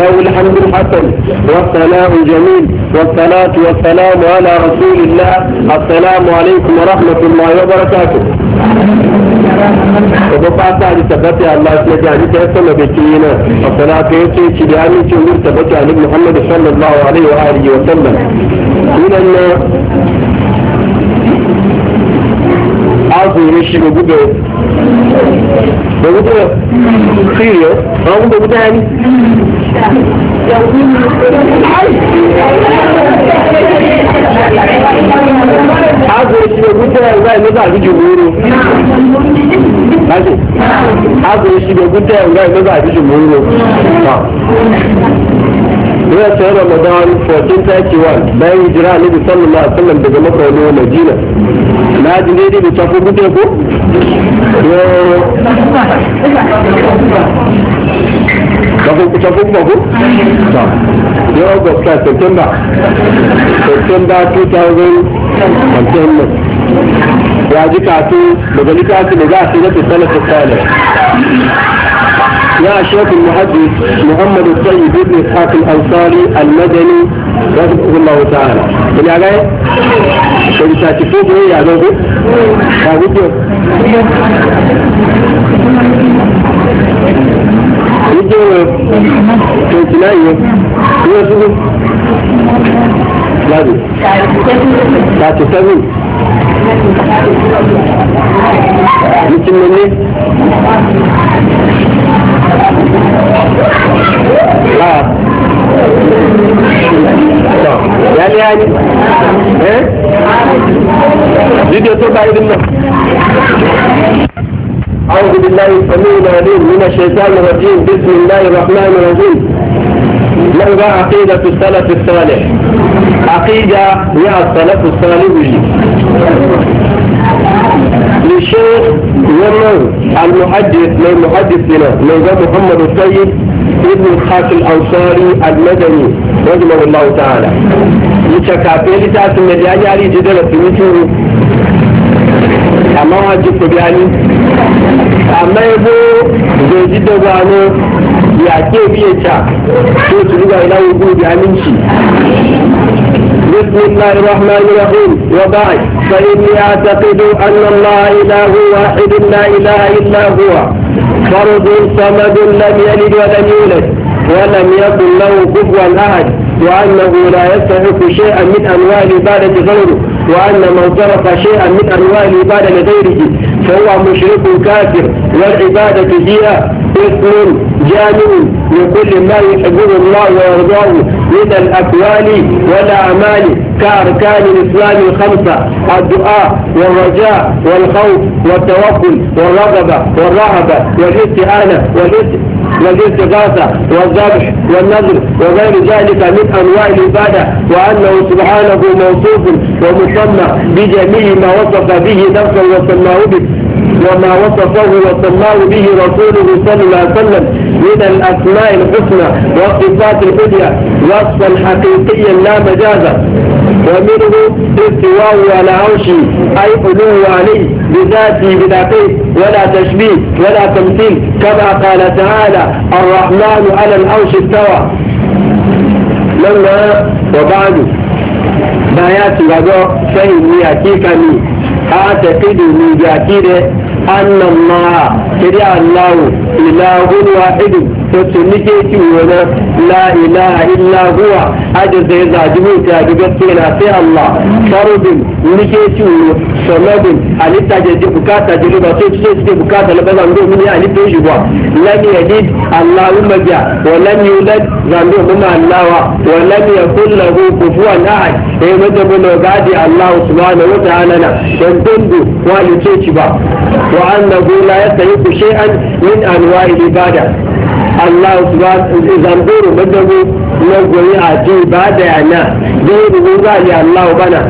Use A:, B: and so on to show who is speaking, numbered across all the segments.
A: له الحمد الحسن والثناء الجميل والصلاة والسلام على رسول الله السلام عليكم ورحمة الله وبركاته Ọba fata da tabbata Allah ya ji hadisi ya sama da ke yana a salatu ya ce ci da aminci wurin tabbata Ali Muhammad sallallahu alaihi wa alihi wa sallam. Sunan na azumi shi ga gube da gube khiriyo, ba gube gube ne. Agwai shi da gutayar zai na zaɓi jimuru. Agwai shi da gutayar watan ramadan 1431 bayan hijira annabi sallallahu alaihi wasallam daga makka wani madina na ji ne da tafi gute ko tafi kuma ta yau august ta september september 2010 ya ji kato daga littafin da za a sai nafi يا شيخ المحدث محمد السيد بن اسحاق الانصاري المدني رحمه الله تعالى. اللي عليه؟ اللي ساتفوق ايه يا دوبي؟ يا
B: كنت نايم هو شو؟ لا
A: يا 37 يعني يعني فيديو أعوذ بالله السميع العليم من الشيطان الرجيم بسم الله الرحمن الرحيم لولا عقيدة السلف الصالح العقيدة هي الصلاة الصالحة للشيخ يمن المحدث من محدثنا من محمد السيد ابن الخاص الأنصاري المدني رحمه الله تعالى لتكافي لتاس المدياني يعني علي جدل في مثله أما جبت بياني أما يبو زوجي دوانو ya ke biye ta to su riga ila wudu بسم الله الرحمن الرحيم وبعد فإني أعتقد أن الله إله واحد لا إله إلا هو فرد صمد لم يلد ولم يولد ولم يكن له كفوا أحد وأنه لا يستحق شيئا من أنواع العبادة غيره وأن من ترك شيئا من أنواع العبادة لغيره فهو مشرك كافر والعبادة فيها اسم جامع لكل ما يحبه الله ويرضاه من الأقوال والأعمال كأركان الإسلام الخمسة الدعاء والرجاء والخوف والتوكل والرغبة والرهبة والاستعانة والاستغاثة والذبح والنذر وغير ذلك من أنواع العبادة وأنه سبحانه موصوف ومسمى بجميع ما وصف به نفسه وسماه به وما وصفه وسماه به رسوله صلى الله عليه وسلم من الأسماء الحسنى والصفات العليا وصفا حقيقيا لا مجازا ومنه استواء على عرشه أي علو عليه بذاته قيد ولا تشبيه ولا تمثيل كما قال تعالى الرحمن على العرش استوى لما وبعد بيات غدو فهمي حقيقة أعتقد من بأكيد أن الله كريع الله ilahun wahidin to ce nike ki wani la ilaha illa huwa aje zai zaji mai ta ga gaskiya na sai Allah farudin nike ki wani mujarradin halitta da bukata da riba sai ce suke bukata na bazan zo mini halitta shi ba lam wa lam yulad zando kuma allawa wa lam yakul lahu kufuwan ahad mata eh, gadi subhanahu wa ta'ala na dan shi ba wa annahu la bana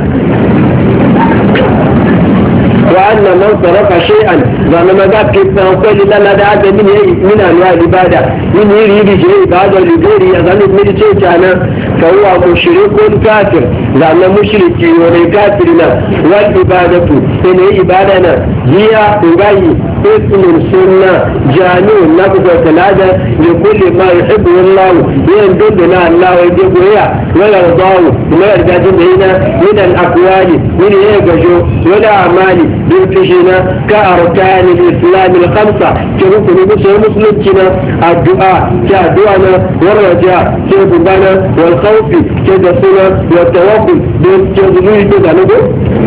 A: wa hannun kpana fahimtar zane na ma zaɓi kpɛba ko de lallada a da ni ne a yi min a nuna a yi ba da ni ne iri bi je ne ce a ko n kai a tiri na musheri ko n kai a tiri nan wani ne ba da ku اسم السنة جانو لفظ ثلاثة لكل ما يحبه الله يندبنا الله يجيبه هي ولا يرجعون هنا من الأقوال من يجو ولا أعمال بالفجنة كأركان الإسلام الخمسة كركن مسلم كنا الدعاء كدعنا والرجاء كذبنا والخوف كدسنا والتوكل كذبنا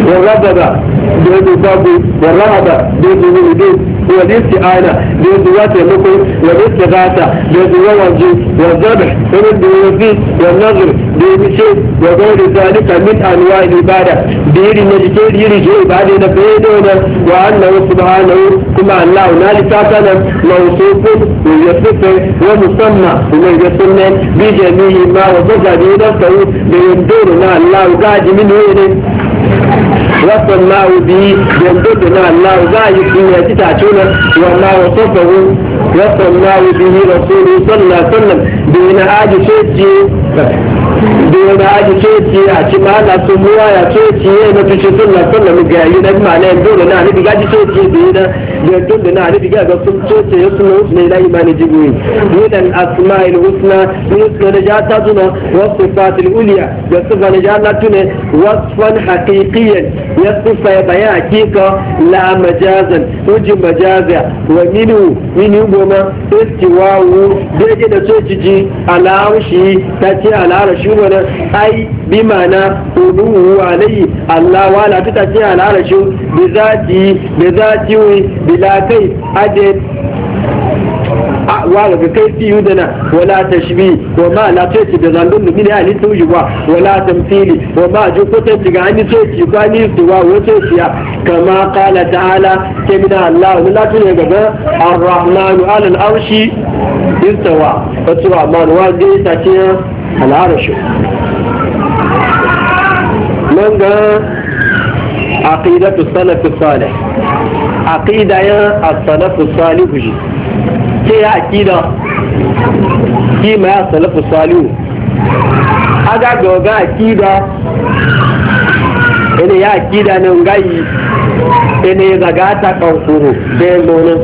A: والرغبة da ya babu da rahaba da ya zuwa da wa isti'ana da ya zuwa taimako wa istighatha da ya zuwa waje wa zabh wa da ya fi wa nazr da ya ce wa gairi zalika min anwa ibada da irin na jike irin je ibada na bai da wannan wa annahu subhanahu kuma Allah na litata nan mawsufun wa yasifu wa musamma wa yasunna bi jami'i ma wa zaga da nafsu da yanduru na Allah gaji min ne wasu lawo biyi yanzu da na Allah za a yi sun ya ci tace nan wala wa sabahu lawo biyi rasulu sallallahu sallam da yana aji soci da yana aji soci a ci ma na muwa ya soci ya yi mafi ci sallallahu ga yi na ma na yanzu da na ni ga ji soci da yi na da don da na hari diga ga sun toce ya suna wasu ne layi mani jibuwi da ja ta tuna ya sufa ya bayan haƙiƙa la majazan ujin majaza wa da tsoci ji ala'arshi ta ce ala'arshi wani ai bi ma'ana uluhu alayhi Allah wa la tuta ce al'arashi bi zati bi zati wi bi la kai ade wa ga kai fi yudana wala tashbi wa ma la tuti da zandun min ya ni tuji wa wala tamthili wa ma ju ko ta diga ni tuti ko ni tuwa wa ce ya kama qala ta'ala ke kemina Allah wala tu ne gaba ar rahman ala al-arshi istawa fa tu man wa ta ce al-arshi من عقيدة السلف الصالح عقيدة السلف الصالح كي عقيدة كي ما السلف الصالح aga goga akida ene ya akida ne ngai ene daga ta kankuru be lonin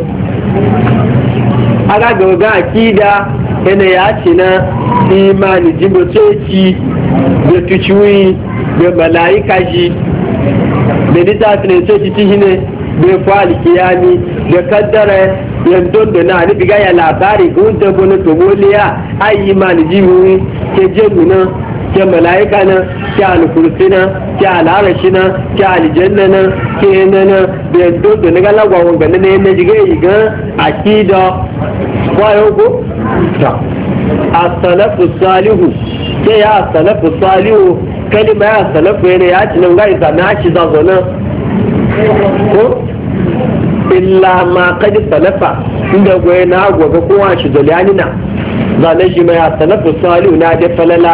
A: aga goga akida ene ya cina imani jimbo ceci da mala'ika shi da littafin sai shi ci ne da fa'al kiyami da kaddara yanzu da na ni biga ya labari ga wanda gona to boliya ayi mani jiwu ke jemu na ke mala'ika na ke alkursi na ke al'arashi na ke aljanna na ke nana da yanzu da na galagwa wanga na ne na jiga yi ga akida wayo ko ta as-salafu salihu ke ya as-salafu salihu kalima ya salafu yana ya ci nan gai zana ya ci zo nan ko illa ma kadi salafa inda goye na gobe kowa shi zoliyani na zane shi mai salafu salihu na da falala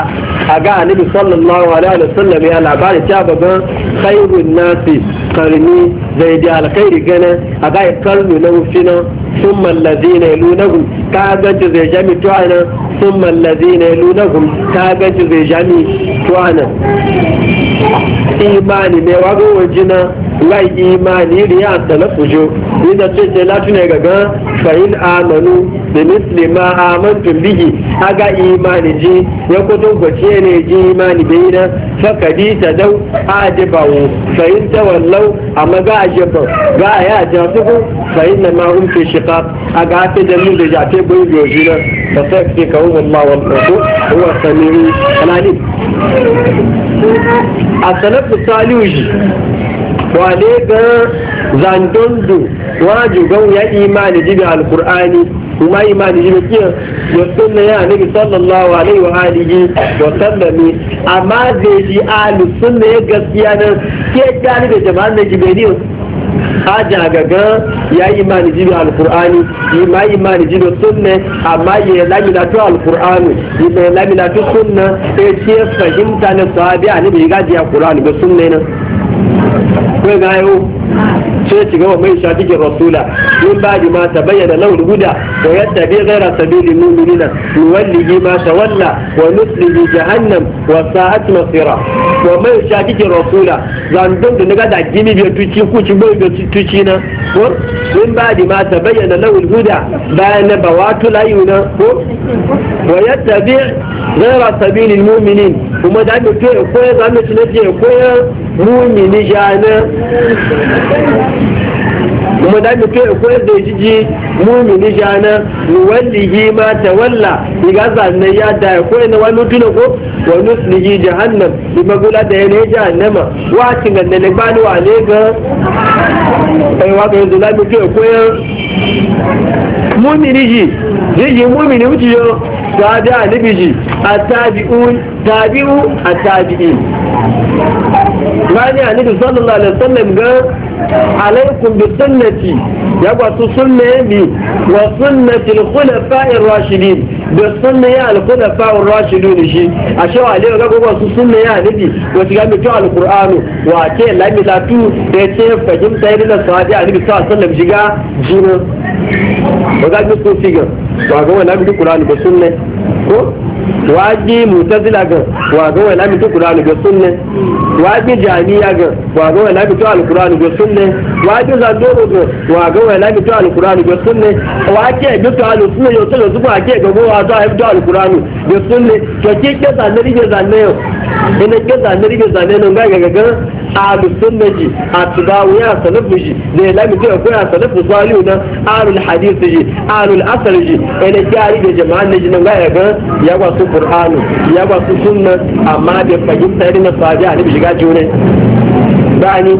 A: a ga annabi sallallahu alaihi wa sallam ya labari ta baban khairun nasi karni zai da alkhairi gana a ga karnu na wufina sun mallazi na ilunahu ta ganci zai jami tuwa sun mallazi na ilunahu ta ganci zai jami tuwana imani mai wagon wajina lai imani riya salafu jo ni da ce ce latu ne gaga fa'in amanu da muslima amantun bihi aga imani ji ya kudu gwace ne ji imani bai na fakadi ta dau ajibawo fahim ta wallau amma ga ajiba ga a ya jasuku fa'in na ma'un fi shiqa aga ta da mu da ja bai biyo jina fa sai ka kawo wallahi wal qur'an huwa samiu alalim a salafu salihu wane ga zandondo waju gan ya imani jibi alkur'ani kuma imani jibi kiyar ya sunna ya nabi sallallahu alaihi wa alihi wa sallami amma zai ji alu sunna ya gaskiya nan ke gani da jama'an da ne haja ga gan ya yi imani jibi alkur'ani yi ma yi imani jibi sunne amma e ya lamina to alkur'ani yi ma yi lamina to sunna sai ce fahimta na sahabi a nabi gaji ya kur'ani ga sunne na ko ga yau ce ci gaba mai sha ke rasula in ba ji mata bayyana laul guda wa yadda bi ghaira sabili mu'minina nuwallihi ma tawalla wa nusli jahannam wa sa'at masira wa mai sha kike rasula zandon da naga da gimi biyo tuci ku ci boy biyo tuci na ko in ba di ma ta bayyana lawul huda bayan na bawatu layuna ko wa yattabi ghayra sabilil mu'minin kuma da mu to ko ya zamu ci ne ko ya mu'mini jana kuma da mu kai ko da jiji mu'mini jana wallahi ma tawalla diga zanne ya da ko ne wani tuna ko wa nuslihi jahannam bi magula da ne jahannama wa da ne ne ni wa ne ga ai wa ga da mu kai ko mu'mini ji jiji mu'mini wuci yo sahabi bi sunnati ya gwatu a cewa alaikum ga gwatu sunna ya anibi wa shiga mutu al-qur'anu wa fahimta ba za ki so shi ga wa ga wala mi qur'ani ba sunne ko waji mutazila ga wa ga wala mi ne ba sunne waji jami'a ga wa ga wala mi alqur'ani ba sunne waji zandoro ga wa ga wala mi ne ga sunne waji bi to alu sunne yo to zuwa ke ga wa za a ne alqur'ani ba sunne to ki ke zanne ga zanne ina ke zane rige zane nan gaga gaga ahlu sunna ji atbawu ya salafu ji ne lami ko ko ya salafu salihu na ahlu hadith ji ahlu asr ji ina ke rige jama'an ji nan gaga gaga ya ba su qur'anu ya ba su sunna amma da fahimta irin sahabi annabi shiga june bani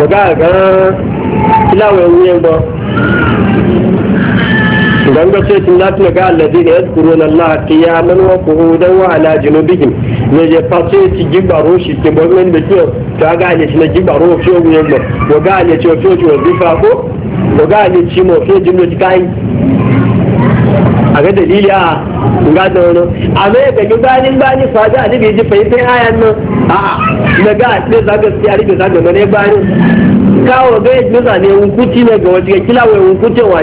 A: gaga gaga ilawo yẹn gbọ́ ce tun lati ga allazi ne yaskuru na Allah qiyaman wa qu'udan wa ala junubihim ne je face ci gibaro shi ke bomen da kiyo ta ga ne na gibaro ba ga ne ga ne ci ci a ga dalili a ga da wani a ga bani ji ayan nan a na ga ne za za ga mane bani kawo ga zane ne ga kila wai hunkutin wa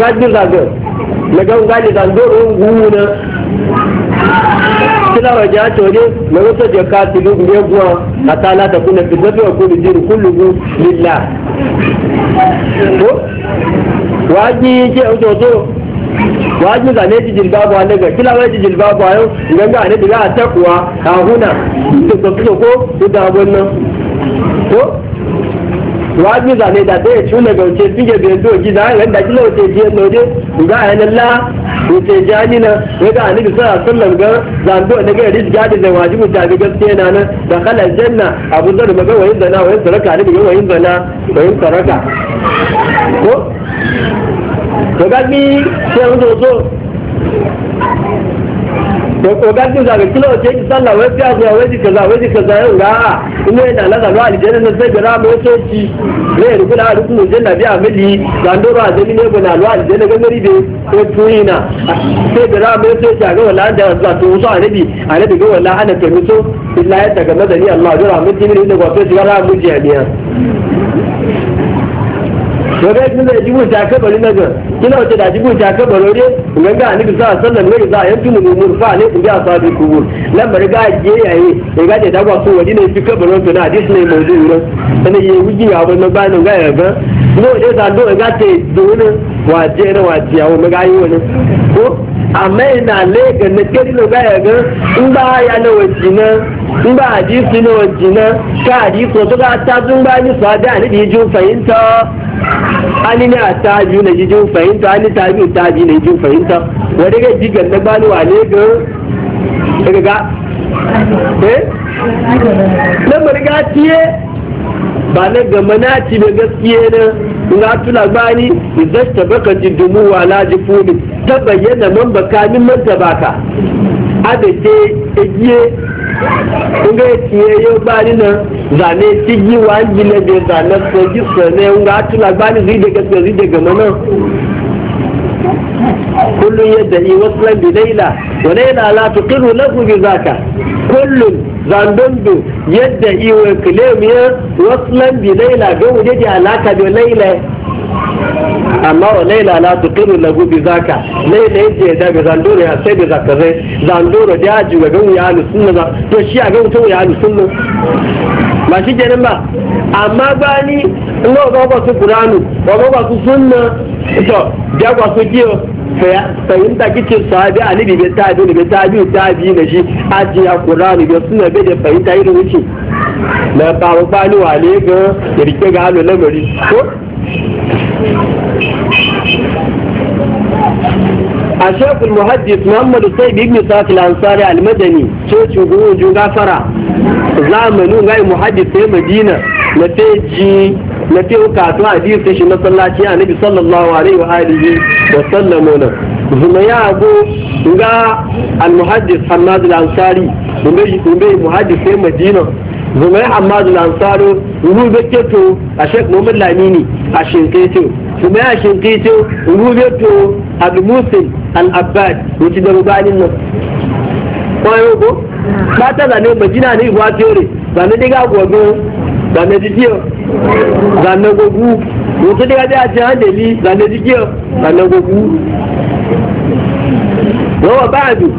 A: ga jin zagar na gan gani zandoron guna kila waje a tori na wata jaka tilu ne guwa a tala ta kuna fi zafi wa kuma jiri kullugu lilla waji ke ojoto waji zane ji jilbabu ne daga kila waje jilbabu a yau idan ga ne diga a takuwa a huna da ko ko da wannan ko wa bi zane da dai ci na ga fige bai zo gida ran da ki kila wace je no dai ga ayan la wace jani na ya ga annabi sallallahu alaihi wasallam ga zando da ga rijja da wajibu ta bi gaskiya na nan da kala janna abu da maga wayin zana wayin saraka ne ga wayin zana wayin saraka ko ga bi sai mun zo ogan jin zaga kila wace yi sallah wai fiya zuwa wai jika za wai jika za yau ga a ina yana na zama aljanna na sai gara mai soci ne ya rukuna a rukunin janna biya mili zandoro a zami ne gona alwa aljanna ga gari da ko tuyina sai gara mai soci a ga wala da za to wasu anabi anabi ga wala ana ta mutu illa daga madani Allah jira mun timin da wato shiga ra mu jami'a to dai mun da jibu ta ka kabarin nan kina wace da jibu ta ka baro ne ga annabi sallallahu alaihi wasallam ne za a yantu mu mun fa ne kun ga sahabi kubur lan bar ga je yayi ya ga da ba so wani ne fika baro to na hadis ne mawdu ne sai ya wuji ya ba ba ne ga ya ga no da da do ga te do ne wa je ne wa ji ya ga yi wani ko amma ina le ga ne ke ne ga ya ga in ba ya ne wa ji ne in ba hadisi ne wa ji ne ka a so to ga ta dun ba ni da sahabi annabi ji fahimta ani ne a tabi na jijin fahimta ani tabi tabi na jijin fahimta wani ga jigan na bani wane ga daga ga
B: eh
A: na marga tiye ba na gama na ci ba gaskiye na na tula bani idan ta baka ji dumu wala ji fumi ta bayyana man baka min man ta baka a da ke igiye nga tiye yo bani na zane tigi wa gile be zane soji sene nga atula bani zide ga zide ga mana kullun yad'i waslan bi bi zaka kullun zandondo yad'i wa kalam ya waslan bi wuje di alaka bi layla amma o laila la tuqiru lahu bi zaka laila yaje da ga zandoro ya sai da zaka zai zandoro da aji ga gan ya alu sunna to shi a gan to ya alu sunna ba shi kenan ba amma bani in ga ba su qur'anu ba ba su sunna to da ga su kiyo fahimta kicin sahabi ali bi ta bi ta tabi da shi ajiya qur'anu da sunna be da fahimta irin wuce na ba ba ni wale ga rike ga alu lamari ko a shekul muhaddis muhammadu sai bi ibn sa'id al-ansari al-madani ce ce go jo gafara zamanu gai muhaddis sai madina na teji na te uka to na sallati a nabi sallallahu alaihi wa alihi na zuma ya a ashinkitu kuma ya ashinkitu rubeto abumusin al'abbad wuce da rubanin nan kwayo ko ba ta zane majina ne ba tere zane diga gwago zane jijiyo zane gogu wuce diga da ajiyar handeli zane jijiyo zane gogu wa ba ba'adu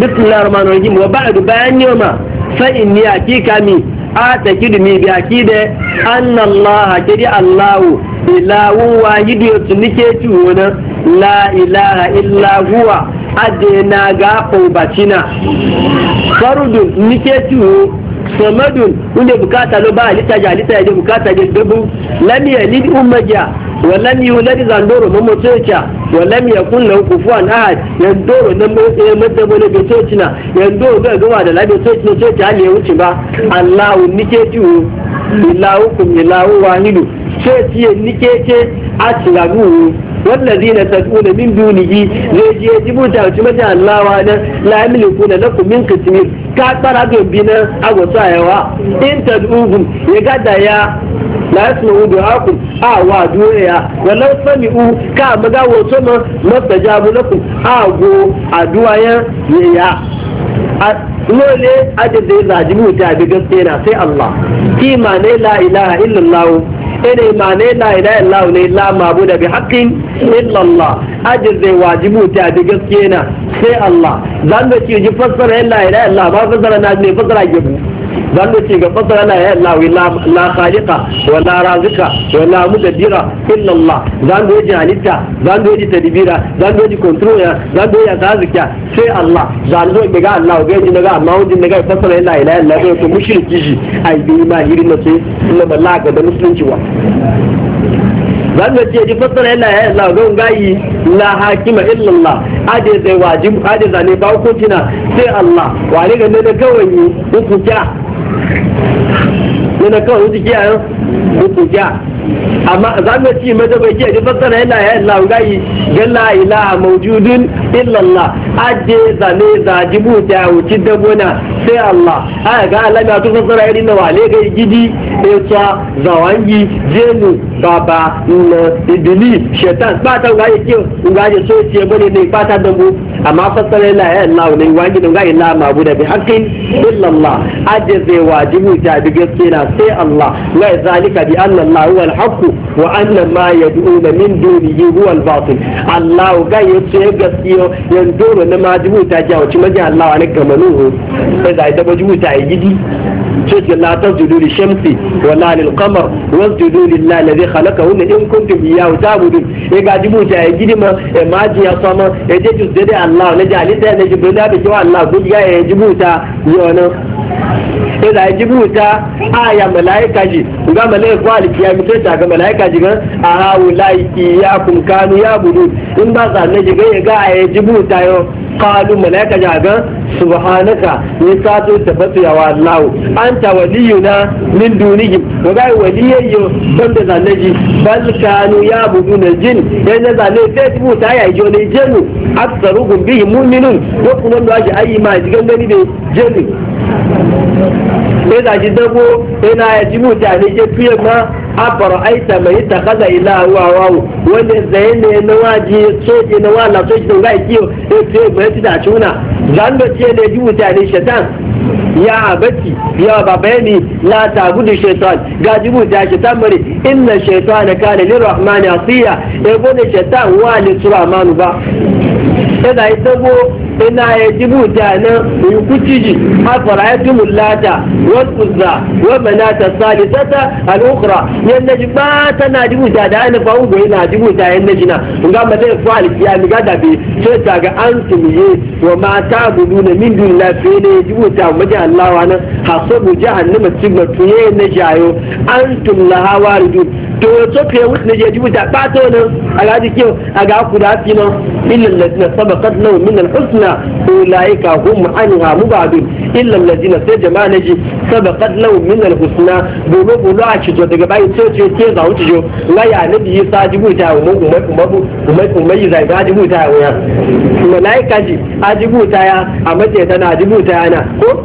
A: bismillahir rahmanir rahim wa ba'adu bayan yoma fa inni hakika mi a ta kidi mi bi akide annallaha kidi allahu ilahu wahidi yotu nike tuwona la ilaha illa huwa adena ga obacina farudun nike tuwo samadun unde bukata lo ba alita ja alita ya de bukata ge dubu lamiya lidi umma wannan yi wani da zan na mun mutu ya wannan ya kunna ku fuwa na ha ya doro nan mun ya mutu bane ga coci na ya doro ga gaba da labe coci na coci ha ne ya wuce ba allahu nike ti wu ilahu kum ilahu wahidu coci ya nike ce a tilagu wannan zai na tafi wani min dunigi zai je ji mutu a wuce mata allawa na lamini kuna na ku min kasimir ka tsara ga bi na agwata yawa in tadu ugun ya gada ya la yasma'u du'akum a wa du'a walau sami'u ka maga wato ma na lakum a go addu'a ya ya lole adadin zai zajibu ta bi gaske na sai Allah ki ma ne la ilaha illallah ene ma ne la ilaha illa ne la ma da bi haqqin illallah ajin zai wajibu ta bi gaske na sai Allah zan da ji fassara la ilaha illallah ba fassara na ne fassara gebu zan da ce ga fasara la ya Allah la khaliqa wa la razika wa la mudabbira illa Allah zan da ji halitta zan da ji tadbira zan da ji control zan da ya sai Allah zan da ga Allah ga ji daga amma wajin daga fasara la ilaha illa Allah to mushriki shi ai bi ma hirin na sai inna balla ga da musulunci wa zan da ce ji fasara yana ilaha illa Allah gayi la hakima illa Allah ade zai wajibu ade zane ba hukuncina sai Allah wale ga da gawayi hukunta nínú kan òun ti jẹ́ àrùn òkò amma za mu ci maza bai ji ji fassara yana ya Allah gai ga la ilaha mawjudun illa Allah aje zane za jibu ta wuci dabona sai Allah a ga Allah ya tu fassara irin na wale ga gidi etwa zawangi jenu baba na ibili shetan ba ta ga yake ga je so ce bane ne ba ta dambu amma fassara yana ya Allah ne wangi ga ila da bi haqqin illa Allah aje zai wajibu ta bi gaskiya sai Allah wa zalika bi anna Allah huwa الحق وان ما يدعون من دونه هو الباطل الله غير يتشيه قصيه يندور لما جبوتا جاو كما جاء الله عليك منوه إذا إذا جبوتا يجدي شيخ لا تسجدوا للشمس ولا للقمر واسجدوا لله الذي خلقهن ان كنتم اياه تعبدون إيجا جبوتا يجدي ما ما جيا صما يجي تسجد الله نجعل نجي بلا بجوا الله قل يا جبوتا يونا sai da ji buta aya malaika ji ga malaika ya mutu ta ga malaika ji ga a ya kun kanu ya budu in ba za ne ji ga ya ga aya ji buta yo qalu malaika ja ga subhanaka ni ta to tabbatu ya wallahu anta waliyuna min dunihi wa ga waliyayyo don da zane ji bal kanu ya budu na jin dan da zane jibu ta ya jo ne jenu aksaruhum bihi mu'minun ko kuma da ji ayi ma ji gangani da jenu sai da shi dabo yana ya ji mutane ke fiye ma a aita mai ta kaza ila wawawu wanda zai ne na waji soke na wala soke da ga kiyo ya fiye mai ta da cuna zan da ce ne ji mutane shatan يا بتي يا بابني لا تعبد الشيطان قاجبوا يا شيطان مري إن الشيطان كان للرحمن عصيا يقول الشيطان هو للسرحمن با إذا يتبو إن يجبو تانا ويكتجي أفرأتم اللاتة والقزة ومنات الثالثة الأخرى لأن جبات ناجبو تانا أنا فأوضو إن ناجبو تانا جنا وقام ذلك فعل في أمي قادة في شتاق أنتم وما تعبدون من دون الله فين يجبو تانا مجا insha Allah wa nan hasabu jahannama sigmatu ye na jayo antum laha waridun to to ke wut na je jibu da bato nan aga dike aga ku da fi nan illal ladina sabaqat lahu min al husna ulaika hum anha mubadun illal ladina sai jama'a ne ji sabaqat lahu min al husna gobe gobe a ci to daga bai to ce ke za wuce jo la ya nabi sa jibu ta mu bu mu mu yi zai ga jibu ta ya malaika ji a jibu ta ya a mace tana jibu ta yana ko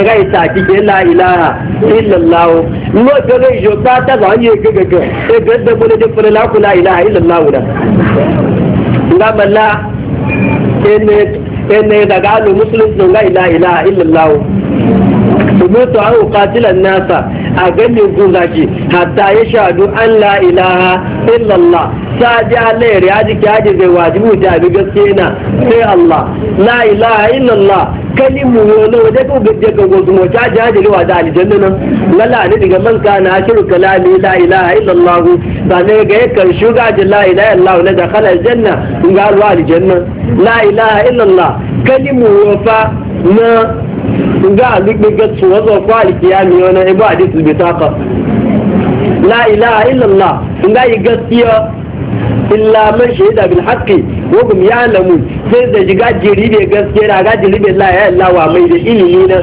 A: na ga ita kike la ilaha illallah mo to ga jo ta ta ba ye ga ga e ga de bole de fara la kula ilaha illallah da ngama balla ene ene daga alu muslim no ga ilaha illallah umirtu an uqatila nasa a ganin gun zaki hatta ya shahadu an la ilaha illallah sadi Allah ya riyaji ki haji zai wajibu ta bi gaske na sai Allah la ilaha illallah kalimu ne wajen ko gaje ga gozu mo ta ji haji riwa da aljanna nan lalla ne daga man kana ashiru kalami la ilaha illallah sane ga ya karshu ga ji la ilaha illallah ne da khala aljanna in ga alwa aljanna la ilaha illallah kalimu wafa na ga nga alikpeke tsuwa zo ko alkiyami wani ibu hadisul bitaka la ilaha illallah ga yi gaskiya illa man shahida bil haqqi wa hum ya'lamun sai da jiga jiri da gaskiya da ga jiri da la ilaha wa mai da ilimi na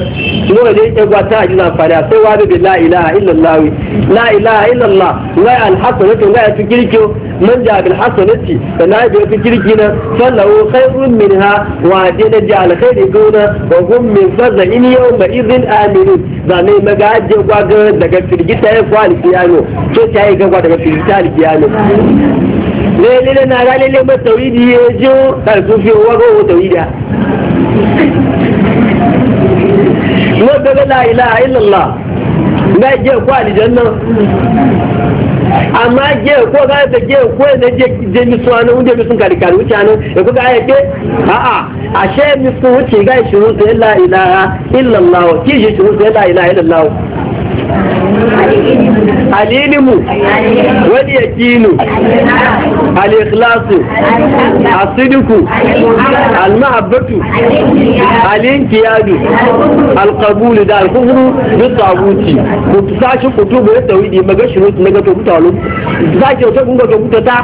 A: no ne ke gwata ji na fara sai wa bi la ilaha illallah la ilaha illallah wa al haqq wa ga ya fikirko من جاء بالحسنة فلا يبقى كركنا فله خير منها وعدنا جعل خير دونا وهم من فضل إن يوم إذن آمنون ظنين ما قاعد جوا قاعد لقد فرقيت أفوال كيانو شو تاي قاعد لقد فرقيت أفوال كيانو ليلة نارا ليلة ما تويد يجو تلقو في وقو وتويدها لا إله إلا الله nga je ko aljanna amma je ko ga je ko ne je je mi so ana unde sun kali kali wuce e ko ga ya ke a a ashe mi so wuce ga shi ruzu la ilaha illallah ki shi ruzu la ilaha illallah alilimu wani ya kino alikhlasu asidiku almahabbatu alinkiyadu alkabulu da alkuhuru da sabuti ku sashi kutu ba ya tsawi ne maga shiru na gato kuta lu sashi wata kuma gato kuta ta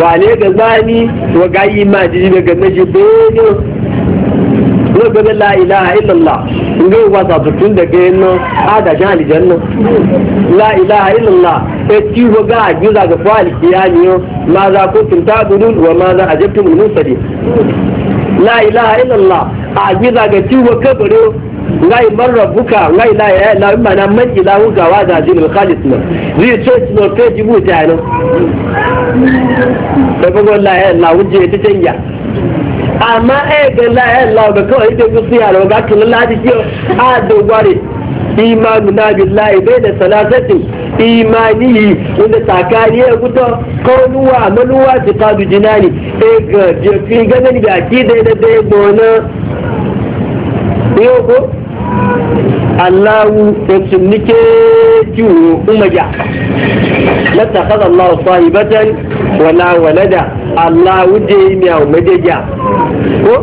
A: ba ne ga zani wa gayi ma jini daga na jibbe ne wa gaba la ilaha illallah inda yi wasa tutun da ke nan adashin alijan nan la ilaha illallah e ta ciwo ga ajiza ga fa'al kiyamiyo ma za ku tunta gudun wa ma za a jabtun musadi la ilaha illallah ajiza ga ciwo kabaro ngai marra buka ngai la ya la na man ilahu ga wa da dinul khalis na zai ce no ke jibu ta no ta e bugo la ya la wuje ta canja àmọ́ ẹ̀ẹ́dẹ̀ láẹ̀lá ọ̀gbẹ̀ kọ́ èyí tó kú sí àrùn ọ̀gá kìlọ́ láti kí ọ àdògbárì imanu na billahi bai da salasati imanihi wanda tsakani ya guto kaunuwa amaluwa su kadu jinani e ga jefi ganin ga ki da da da gona yau ko Allahu tsunike kiwo umaja lata kaza Allah batan wala walada Allahu je miya umaja ko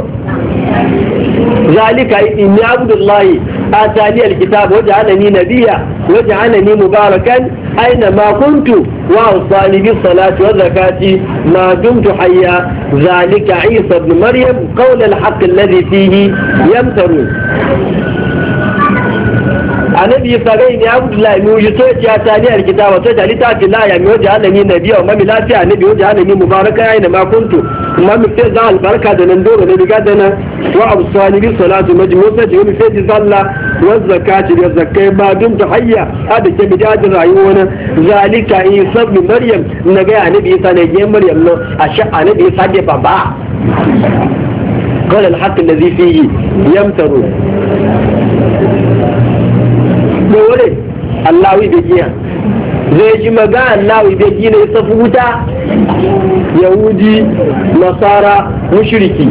A: zalika inni abdullahi atani alkitab waj'alani wajen waj'alani mubarakan aina ma kuntu wa usali bis salati wa zakati ma dumtu hayya zalika isa ibn maryam qawl alhaq alladhi fihi yamtaru annabi isa gai ne abdullahi mu yi to ya ta ni alkitaba to da litafi la ya miyo da alami nabi wa mami lafiya annabi wa da alami mubaraka yayin ma kuntu kuma mi sai da albarka da nan dole ne diga da nan wa absani bi salatu majmu sai ji mi sai ji salla wa zakati da zakai ba dum ta hayya hada ke bi da rayuwa na zalika isa bi maryam na ga annabi isa ne ge maryam no a sha annabi isa da baba قال الحق الذي فيه يمترون gore allawi da giya zai ji maga allawi da gina ya tafi wuta yahudi nasara mushriki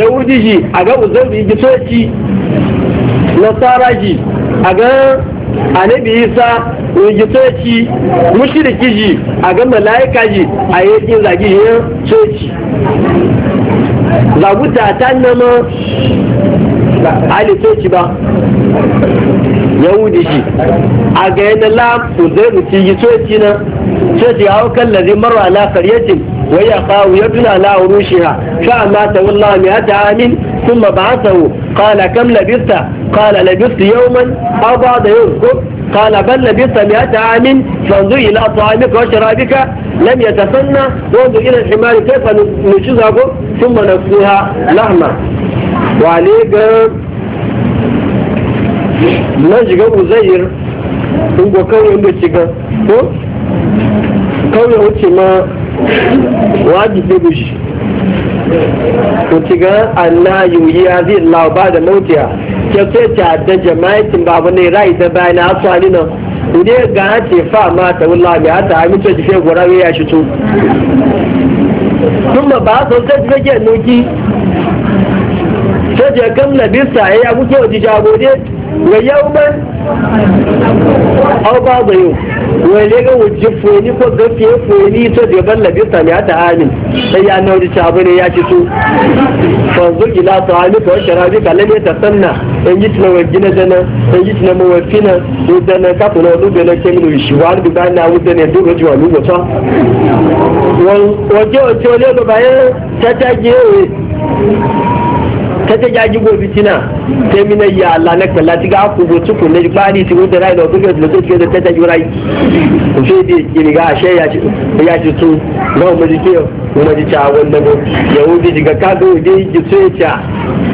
A: yahudi ji a ga uzurbi gisoci nasara ji a ga anabi isa rigitoci mushriki ji a ga mala'ika ji a yakin zagi yin zagu ta ta nama ali sai ci ba yahudi shi a ga yana lam uzairu ci yi soci na soci hau kan lazi marwa ala karyatin wai ya kawo ya tuna la rushiha sha Allah ta wallahi mai hata amin ثم بعثه قال كم لبثت قال لبثت يوما أو بعض يوم قال بل لبثت مئة عام فانظر إلى طعامك وشرابك لم يتسنى وانظر إلى الحمار كيف نشزه ثم نكسوها لحمة wale ga na shiga uzayir in kawai inda shiga ko kawai wuce ma wajibi da shi ko shiga yi yi azi Allah ba da mautiya ke ce ta da jama'atin babu ne rai da bayan asali nan ne ga ce fa ma ta wallahi hata a mutu ji fe gorawe ya shi tu kuma ba so sai ji ke nuki ta je kam bisa eh, ya kuke waje jagode wa yau ban au ba yau wale ga wujje foni ko gafiye foni to da ban bisa ya ta amin sai ya nau da tabu ne ya ci su fanzu ila to ani to sharabi kallan ta sanna in ji tunan wajina dana in ji tunan mawafina da dana ka tunan wadu ke kemino shi wa albu ba na wuta ne duk wa lugo ta wajen wajen wajen bayan ta ta gewe eh. tẹ́tẹ́ já jígbó ibi tí náà tẹ́mi náà yà á lànà pẹ̀lú àti ká kó bó tukù ní parí ìsìnkú tẹ̀lé àìlọ́ tó kẹ́ tó kẹ́ tó tẹ́tẹ́ jura yìí òṣè di ìrìn ká àṣẹ ìyá ti tún náà mo ti kí ọ mo ti tẹ àwọn ẹgbẹ́ yẹ̀wò bíi ìgbà ká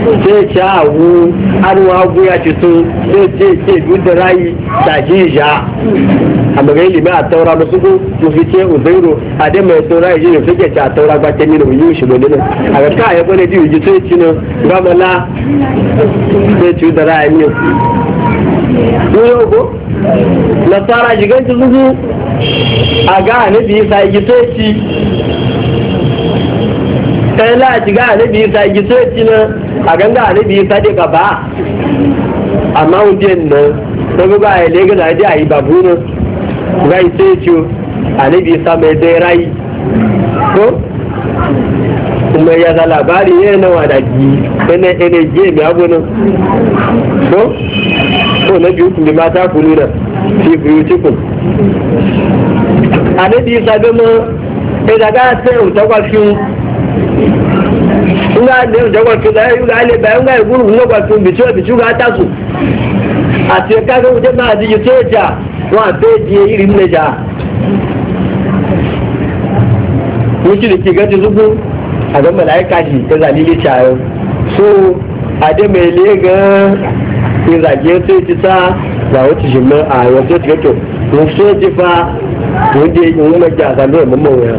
A: sai ci awu arwa abu ya ci sai ce ce da rayi tashi ja a magayi limi fi ce uzairu a dai mai taura ya ji ne suke ci a taura ba ta mini yi shi gudun a ga ka ya bane ji yi sai ci ne gamala sai ci da rayi ne yau ko nasara shigar sa yi sai la shiga annabi isa gi so ci na a ganga annabi isa da gaba amma wajen nan da buga a lega na ji a yi babu nan ga isa ci annabi isa mai dai rai ko kuma ya za labari ne na wadaki yana yana je mai abu nan ko ko na biyu kuma mata kulu nan fi biyu cikin annabi isa gama idaga sai wuta kwafi nga ne jagwa to da yu ga le ba nga guru nga kwa tu bi bicho ga ta su ati e ka ga uje ma di yute ja wa be di e iri ne ja wuci da ke gaji zubu a ga malaika e shi ta zalili chayo so ade mai le ga in zage sai ta za wuce shi ma a wajen to musoji fa wanda ya yi wani gyasa ne mu mawuya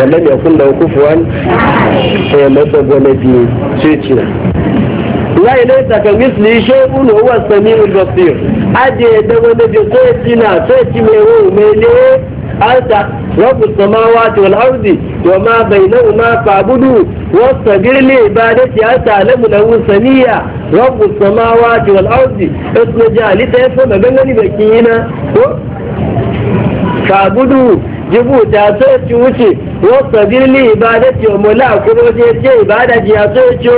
A: wanda mai kun da kufuwan sai masa gwamnati sai cina lai ne takan misli shehu ne wa sami ulbasir aje da wani bi sai ci wo ne رب السماوات والأرض وما بينهما فاعبدوه واصطبر لعبادتي حتى لم له سميا رب السماوات والأرض اسم جالس يسمى بنغني بكينا فاعبدوه jibu ta so ci wuce wasu birni ibadati wa mula kuma waje ce ibada ji ya so ci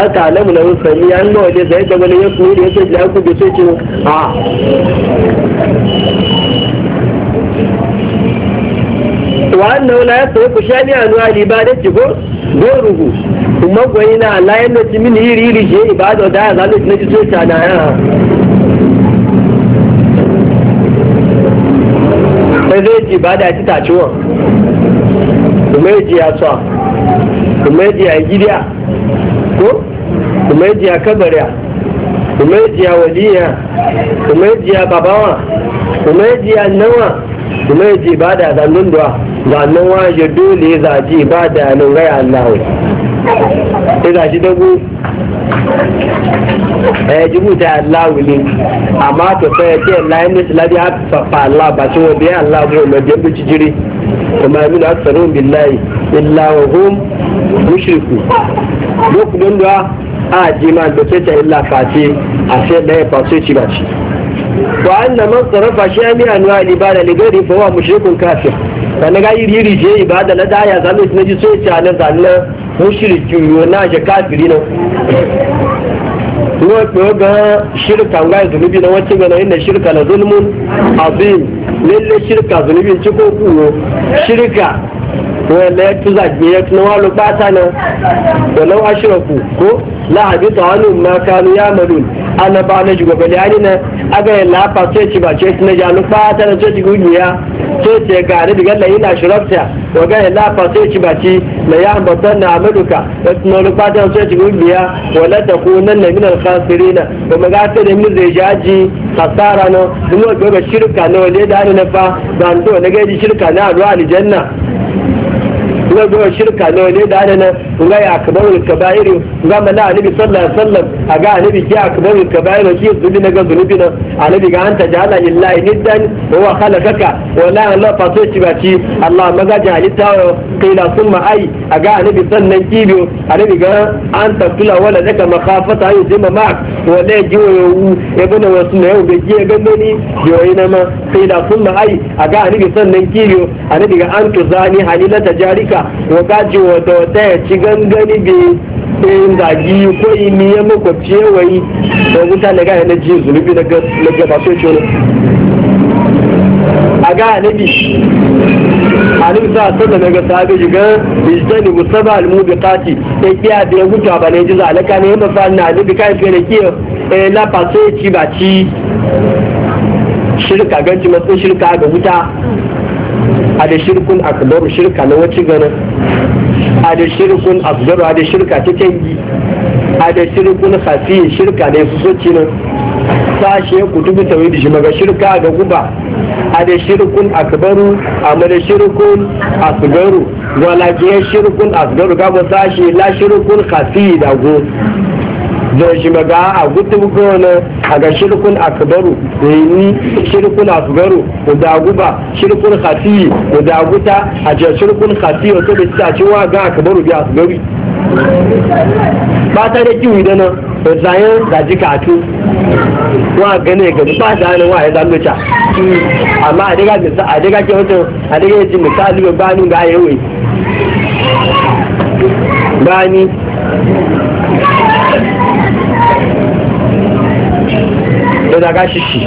A: an ta alamu na wasu sami an nawa ne zai da wani yasu ne ya so ji an kudu so ci a wa'annan la ya sayi kushani a nuwa libadar ci go kuma gwani na layan da ci mini iri iri ibada da ya zalo na jiso ta na ya sai zai ji ibada ci ta kuma ya ji ya tsawa kuma ya ji ya gidiya ko kuma ya ji ya kabariya kuma ya ji ya waliya kuma ya ji ya babawa kuma ya ji ya nawa kuma ya ji ibada wannan waje dole ya zaji ba da yanin gaya Allah
B: wai
A: ya zaji dagu ya ji buta Allah wuli amma to sai ya ce layin da tilabi haka fa Allah ba ce wa biya Allah wai mai biyan bici jiri kuma ya nuna aksarun billahi illa wa hum mushriku lokacin da a ji ma da sai ta illa fati a sai da ya fasu ci ba ci wa anna man sarafa shay'an min anwa'i ibada li ghairi fa huwa mushrikun kafir wani ga iri iri je da na daya zama na ji so ya na zanna mushriki yo na shi kafiri na kuma kuma ga shirka ga zunubi na wacce ga inna shirka na zulmun abin lalle shirka zunubi ci ko ku shirka wanda ya tuza ya tuna walo bata nan walau ashiraku ko la habita anum ma kanu yamalun ana ba na juga bali ani na aga ya lafa sai ci ba ce na jalu ta na sai ci gudiya sai ce ga ne diga la ila shurabta wa ga ya lafa sai ci ba ci la ya ambata na amaduka na lu fata na sai ci ya wa la takunan na min al khasirin wa ga ta da min zai jaji kasara no dum ga shirka no le da ni na fa dan to ne ga shirka na ruwa janna. nga zuwa shirka na wani da adana ga ya mana alibi sallar sallar a ga alibi ke a anabi wani akabarul kabairu ki zubi na ga zunubi na alibi ga ji ala lillahi niddan huwa khalaqaka wa la la fato ci ci allah maga jalita wa sun summa ai ga alibi sannan kibiyo alibi ga an anta tula wala makafata a e e yi zima mak wa ya wu ya ibn wasu yau ga ji ga mani yoyi na ma sun summa ai ga alibi sannan kibiyo alibi ga anta zani halilata jarika shirka wakaci wata wata ya ci gangani bi in zagi ko mi, ya makwabci ya wayi da wuta na gaya na ji zunubi na gaba so ce a ga anabi alim sa sallan daga sahabi shiga bijtani musaba al kati sai kiya da ya wuta ba ne ji alaka ne mafa na da kai fere kiyo na eh, faso ya ci ba ci shirka ganci matsayin shirka ga wuta ada shirkun akbar shirka na wacce gana ada shirkun akbar ada shirka ta canji ada shirkun khafi shirka ne su soci nan sashe kutubu da shi maga shirka ga guba ada shirkun akbaru da shirkun asgaru wala ke shirkun asgaru ga sashe la shirkun khafi da go zai shi maga a gudun gona a ga shirkun akbaru da yi shirkun akabaru da daguba shirkun khatiyi da daguta a ce shirkun khatiyi wato da ta cewa wa ga akbaru bi asgari ba ta da kiwi da nan da zayen da ji katu wa gane ga ba da nan wa ya zaluca amma a daga a daga ke wato a daga yaji misali ba banu ga yayi bani na gashi shi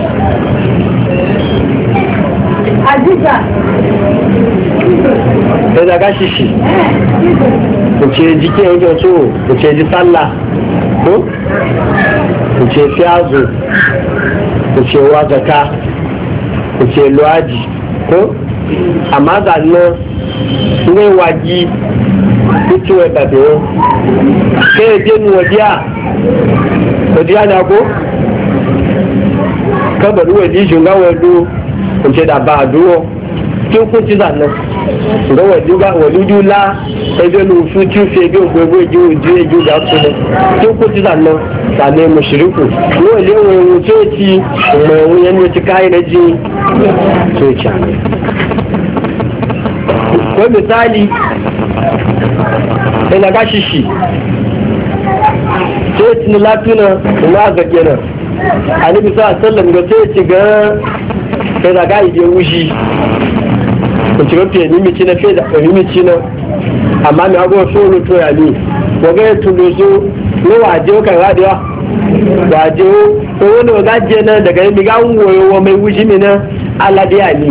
A: ẹ na gashi shi kò ṣe jí kí ẹjọ́ tó kò ṣe jí sálà tó kò ṣe fi ààzò kò ṣe wá zaka kò ṣe lo àjì tó àmàzà náà ní wájú títí ẹ̀ bàbá wọn kéèké nu ọdí kábẹ̀rú ẹ̀dí ìṣòǹgá wọ̀ ẹ̀dú òṣèdà bá àdúrọ̀ tí ó wa sí ìlànà ìgbọ́n wọ̀ ẹ̀dú wọ̀lúdú lá ẹjọ́ ló fún tí ó fi ẹgbẹ́ ògbó ku ìjọ òjò ẹjọ́ ìjà tó lọ tí ó kún sí ìlànà ìlànà mùsùlùkù wọ́n ilé ohun ẹ̀wọ̀n tó ti ọmọ ẹ̀wọ̀n yẹn ló ti ká ẹrẹ jí tó ìjà. wọ́n annabi sa sallam ga sai ci ga sai da ga ide wushi ko ci ga fiye na fiye da nimici na amma mi hago so lo to ya ni ko ga to lo so lo wa je ka ga dia wa je ko wani ga je na daga mi ga mai mi na ala dia ni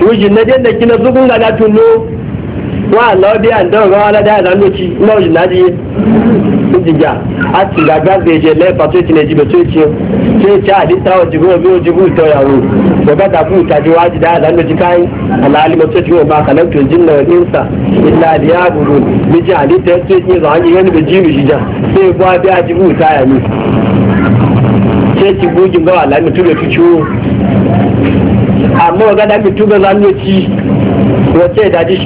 A: bu na je zugun ga da to lo wa lo dia ndo ga ala da lo ci lo ji na jìjà a ti gàgá gbèjẹ lẹ́ẹ̀fà tó ti jìbẹ̀ tó ti tí ó ṣe àdíta òjìbó omi òjìbó ìtọ̀yàwó bọ̀gádà fún ìtajú wa jìdá àdánù ti káyín àlàálìmọ̀ tó ti wọ̀ bá kàlẹ́kì òjìnà nínsà ìlà àdìyà àbúrò méjì àdíta tó ti ràn án yẹn níbi jíìrì jìjà tó ìbú abẹ́ àjìbó ìtayà ni tí ó ti gbó jìnbọ̀ àlàálì tó mi túbọ̀ lánàá ti wọ́n tẹ́ ìdájí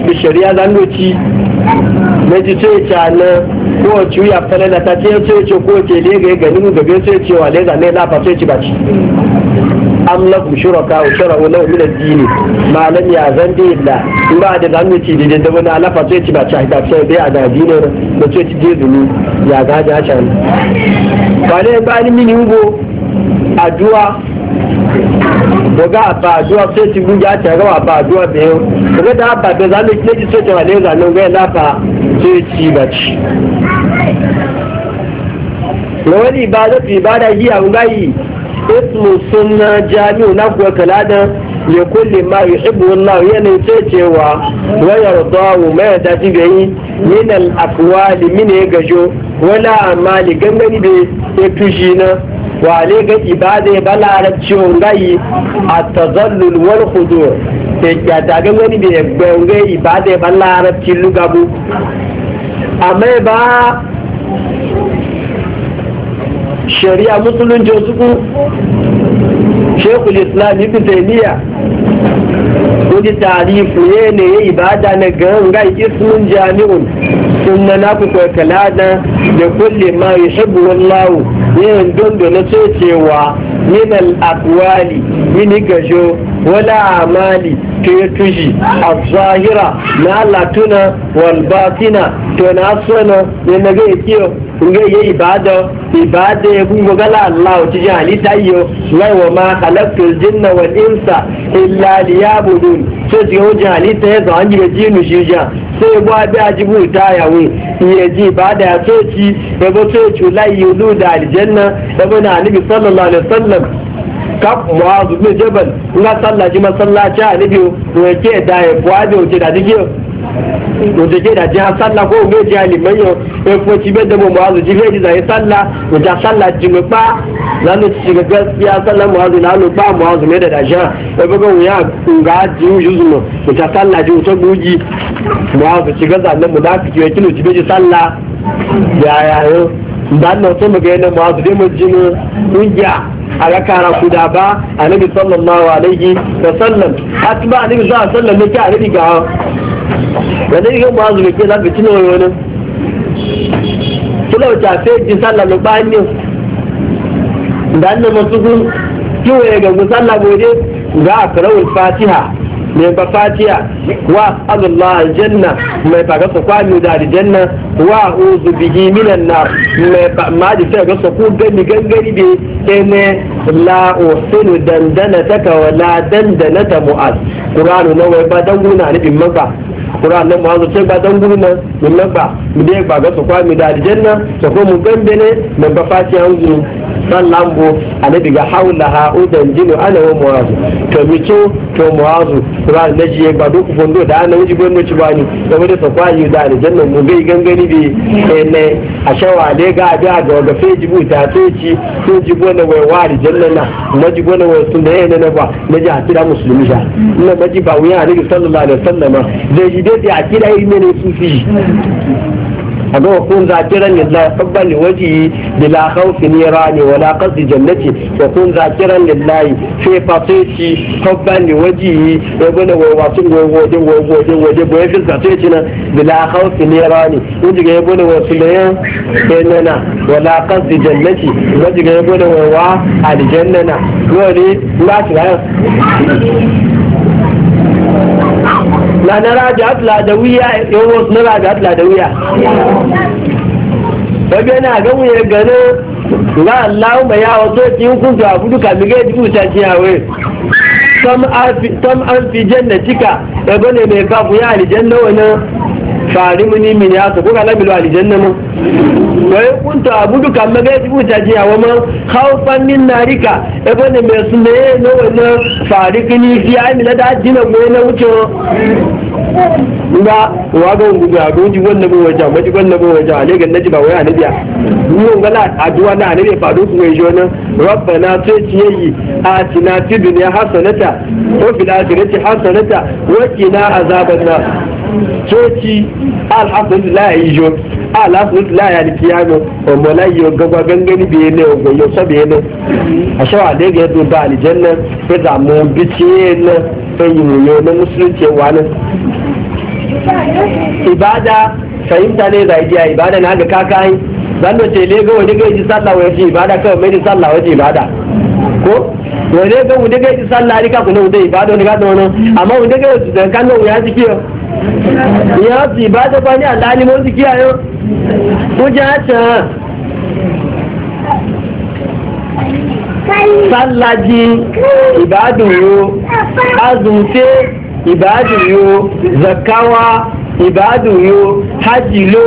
A: tó ìtà náà ko ci ya fara na ta ce sai ce ko ce ne ga ganin gabe sai ce wa leza ne lafa sai ci baci am lakum shuraka wa shara'u lahu min ad-din ma lam ya'zan bi illa in ba da zamu ci da da wani alafa sai ci baci ai ta sai dai a da dinin da sai ci dizuni ya ga ja can ba ne ba ni mini ugo addu'a daga abaduwa sai ci guja ta ga abaduwa da yau daga da abaduwa za mu ji sai ta wale zanen ga lafa sai ci baci na wani ibada fi ibada yi a ngayi ismu sunna jami'u na kuwa kaladan ya kulle ma yi ibu wallahu yanayin sai cewa wayar dawo mai da dafi ga yi min akwali min ya gajo wala amali gangani da ya tushi na wale ga ibada ba ciwon gayi a tazallul wal hudur ta ya ga wani da ya gbanga ibada balara larabcin lugabu amma ba shari'a musulun josuku ku shekul islam ibn taymiya wani tarifu ne ya ibada na ganga ismun jami'un sunna na ku ko kalada da kulli ma yihibu Allah ya dondo na cecewa min al aqwali min gajo wala amali to ya tuji al zahira la la tuna wal batina to na sunna ne ne ga yiyo ga yi ibada ibada ya bugo gala Allah ti ja ni tayyo wa wa ma khalaqtul jinna wal insa illa liyabudun to ji o ja ni te do an ji ji nu sai gwa bi a jibu ta yawe ya ji ba da ya soci ya ba soci layi yudu da aljanna ya bi na alibi sallallahu alaihi wasallam kaf mu'azu bin jabal nga sallaji masallaci alibi ko ke da ya fuwa da wuce da jikin òjèjé ìdàjẹ́ asálà kó òun méjì alìmọ́yàn epo ti bẹ́ẹ̀ mọ̀ mọ́àlù jí méjì zàyé sálà òjà sálà jìmọ̀ pa lánà ti gẹ́gẹ́ sí asálà mọ̀ òjà sálà jù mọ̀ láti kí ẹkí lòjì méjì na ba sallallahu alaihi wa sallam atba sallallahu alaihi wanda yake mu azu ke la bitin oyo ne kila ta fe ji salla lo bani dan na musuku kiwe ga mu salla gode ga akrawul fatiha mai ba fatiha wa Allah aljanna mai faga su kwami da janna wa uzu bihi minan nar mai ma ji sai ga su ku gani gangari be ene la usinu dandana taka wa la dandana ta mu'az qur'anu nawai ba danguna ni bin maka kura nan ma zo ba dan guri nan mun nan ba mu dai ba ga su kwa mi da aljanna to ko mu gambe ne mun ba faci an guri sallan a annabi ga haula ha udan jinu ana wa muazu to micho to muazu ra na ji ba ku gondo da ana wuji gondo ci bani da game da sakwaji da aljanna mu bai gangani bi eh, ne a shawa dai ga da ga ga feji bu ta ce ci ko ji gona wai wari janna na ji gona wai sun da yana na ba na ji a tira musulmi sha na ji ba wuya annabi sallallahu alaihi wasallama zai ji dai akida irin ne su fi aga wa kun zakiran lillahi hubban li wajhi bila khawfin yarani wala qasdi jannati wa kun zakiran lillahi fi fatihi na da wiya ladawiya yawo na rajat ladawiya babu yana ga mu ya gano ga Allah ba ya wato kin ku ga budu ka mige dubu ta kiyawe tam tam an fi jannatika ebe ne mai kafu ya aljanna wannan farimuni min ya ta kuka labilu aljanna mu wai kunta abudu kan ga ji buta ji a ma khawfan min narika e bane me sunne no wannan farikini fi ai mila da na go na wuce nga wa ga ngu ga go ji wannan go waja ma ji wannan go waja ne ga naji ba wai anabiya mun ga la aduwa na anabi fa do ku mai na rabbana tsaci e yayi atina fid dunya hasanata wa fil akhirati hasanata wa qina na. coci al'asulut laye yo al'asulut ya alkiyano ọmọ laye yi gaba gangani biye ne ogun yo so biye ne a shawa da ga yadda ba aljanna ya zamu bice na fayin yo na musulunci ne. ibada fahimta ne da idiya ibada na ga kakayi zan da tele ga wani yi sallah wani ibada kawai mai sallah wani ibada ko wani ga wani gaji sallah ni ka kuna wani ibada wani ga da wani amma wani ga wani kan nan wani ya ji kiyo ya fi ba ta fani a lalimon su kiyayen kuja ta tsallaji ibadun yo azunce ibadun yo zakawa ibadun yo hajjilo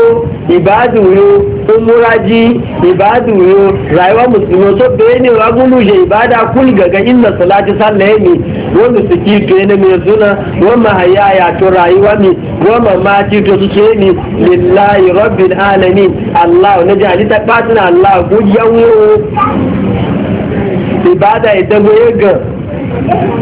A: ibadun yo umuraji ibadun yo rayuwa musulman so bayanin ragunushe ibada kul gaga inda salati sallai ne wanda suke gane mai suna wanda hayaya to rayuwa ne wanda mati to suke ne lillahi rabbil alamin Allah na jali ta batina Allah ko yawo ibada ita goye ga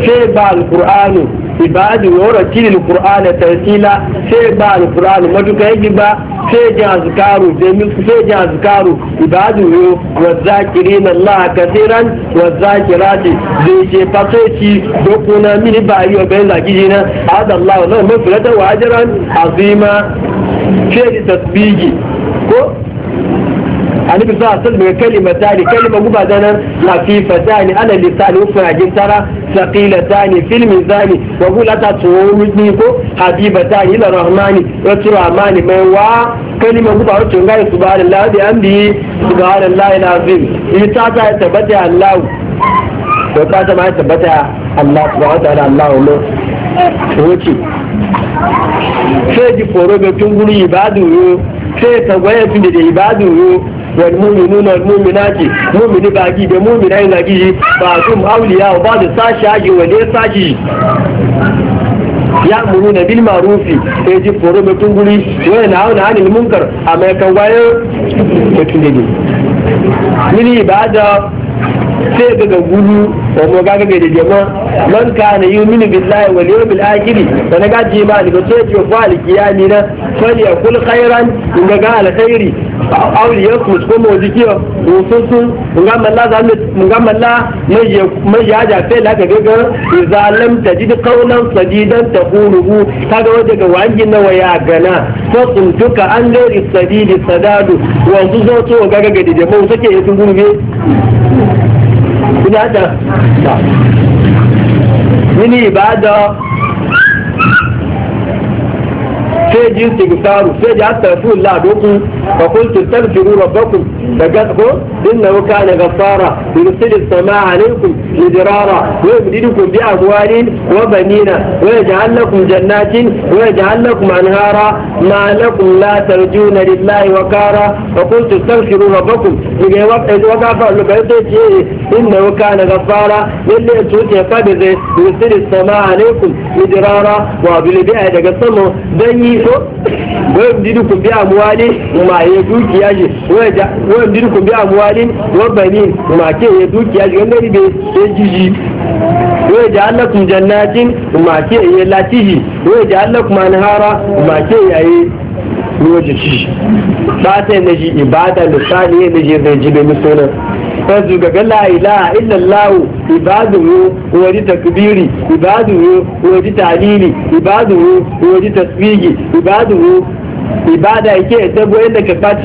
A: ce ba alqur'ani ibadi wa ratili alqur'ana tartila sai ba alqur'an matuka yake ba sai ji azkaru sai min sai ji azkaru ibadi yo wa zakirin allah kaseeran wa zakirati zai ce fatoci dokuna mini ba yo ben zakiji na hada allah wa mafrata wa ajran azima sai tasbihi ko annabi sallallahu alaihi wasallam kalimatani kalima guba zanan khafifatani ala lisani ufrajin tara tani fil mizani wa gulata tuwuni ko tani ila rahmani wa mai wa kalima guba wato ngai subhanallahi bi amdi subhanallahi alazim ita ta tabbata Allah ko ta ta ma tabbata Allah subhanahu wa ta'ala Allah
B: wuce sai
A: ji ga tunguri ibadu yo sai tagwaye tun da ibadun ro wal mu'minuna wal mu'minati ba gi da mu'mina yana gi ba zum awliya ba da sashi aje wa ne sashi ya muru na bil marufi sai ji foro mai tunguri wani na hauna hannun munkar a mai kan wayo mutum da ne mini ibada sai ga gudu mu ga gabe da jama'a man kana yu'minu billahi wal yawmil akhir da na gaji ma daga sai ce fa alkiyami na ya kul khairan in ga ga alkhairi aw ya yakut ko mo sun ususun ga malla za mu ga malla mai mai ya ja sai la ga ga zalam tajid qawlan sadidan taquluhu kaga waje ga wangin na waya gana fa kuntuka an gairi sadidi sadadu wa zo to ga ga da jama'a sake yin
B: tungume
A: ìbádọ́ nínú da. sai ji istighfaru sai ji astaghfirullah dokun fa qultu astaghfiru rabbakum fagadhu innahu kana ghaffara yursilu samaa alaykum midrara wa yumdidukum bi amwalin wa banina wa yaj'al lakum jannatin wa yaj'al lakum anhara ma lakum la tarjuna lillahi wa qara fa qultu astaghfiru rabbakum diga wa ga fa lu bai sai ce innahu kana ghaffara lalle to ce fa da zai yursilu samaa alaykum midrara wa bil bi'a daga sama dan yi so ko dídú kò bí biya muwalin ma ya dukiya ji wayan didi ku biya muwalin wabani ma ke ya dukiya ji wanda ribe ya jiji wayan da Allah kun jannatin ma ke ya latihi wayan da Allah kuma nahara ma ke yayi ji ibada wasu gaga la ilaha illallahu ibaduhu wani takbiri ibaduhu wani talili ibaduhu wani tasbihi ibaduhu ibada yake go inda ka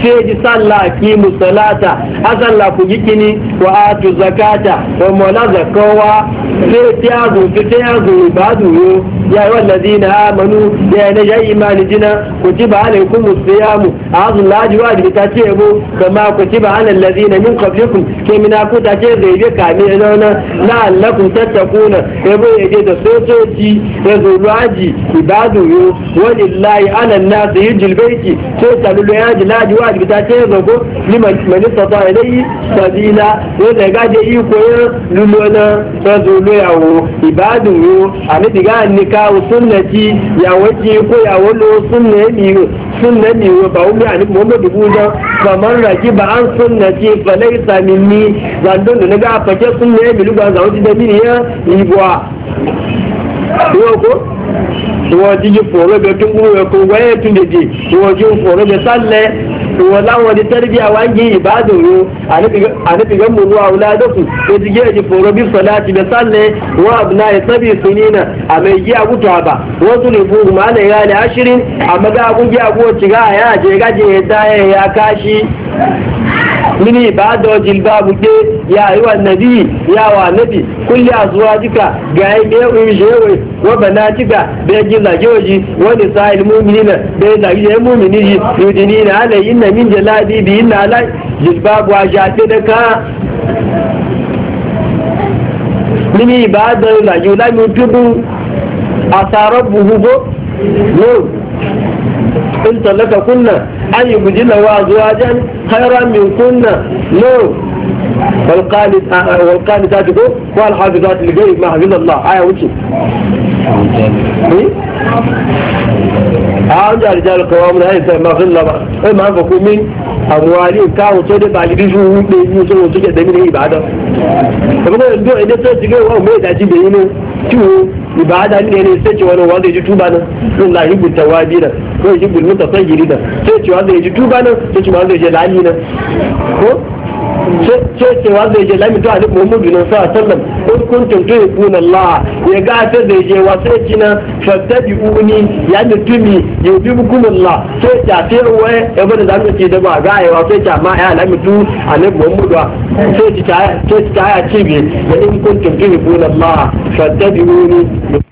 A: ce ji sallah musalata salata azalla ku yikini wa atu zakata wa mola zakawa sai ta zo ta zo ibadu يا أيها الذين آمنوا يا نجا إيمان جنا كتب عليكم الصيام عظم الأجواج بتاتيبو كما كتب على الذين من قبلكم كي من أكو تاتيب زي بيكا ميلونا لعلكم تتقون يبو يجد سوتوتي يزول عجي إبادو يو ولله على الناس يجي البيت سوتا للعاج الأجواج بتاتيبو لمن من استطاع إليه سبيلا وإذا قاعد يكوين للونا يزول يو إبادو يو أمد قاعد kawo sunnati ya waje ko ya walo sunna ya biyu sunna ne wa ba wani annabi Muhammad dubu da kamar ba an sunnati fa laysa minni zandon da naga fake sunna ya bilu ba zawo da mini ya ibwa ko ko wọ́n ti yí fòrò bẹ tó ń gbúrò ẹ̀kọ́ wẹ́ẹ̀ tún lè dì wọ́n ti ń wala wani tarbiya wangi ibadu yo a nufi gan mulu a wula da su ya ji geji foro bi salati da salle wa abna ya e tabi sunina a mai giya gutuwa ba wasu ne bu ma na ya ne ashirin a maga gun giya guwa ciga a ya je gaje ya daya e ya kashi mini ba da wajil babu ke ya yi wa nabi ya wa nabi kulli a zuwa jika ga yi ne uyi shewe wa bana jika da ya ji zage waji wani sa'il mumini na da ya zage ya mumini ji yudini na ala yin na min jalabi bi yin na ala jilbabu a shafi da ka mini ba da zage wula mi tubu a tsarar buhu ko no كنت لك كنا أن يبدل وأزواجا خيرا من كنا نو والقانتات والحافظات لغير ما حفظ الله آية وشي أعجى إيه؟ آه، رجال القوامنا هاي ما حفظ الله إيه، ما فكو من أموالي كاو صدق على بيشو بيشو صدق دمين هي إيه بعدا فبقى يندو عندي صدق وهو ميت عجيب هنا شو ibada ne ne sai cewa wa zai ji tuba nan sun la hibbul tawabi nan ko hibbul mutasahhiri nan sai cewa zai ji tuba nan sai cewa zai je lali nan ko ce ce wa zai je lami to alif muhammadu na sa sallam in kuntum to ya allah ya ga ta zai je wa sai ci na fattabi uni ya ni tumi ya bi bukun allah sai ta ce wa ya bada da mu ce da ba ga ya wa sai ta ma ya lami tu alif muhammadu sai ta ta ya ce bi in kuntum to ya allah fattabi uni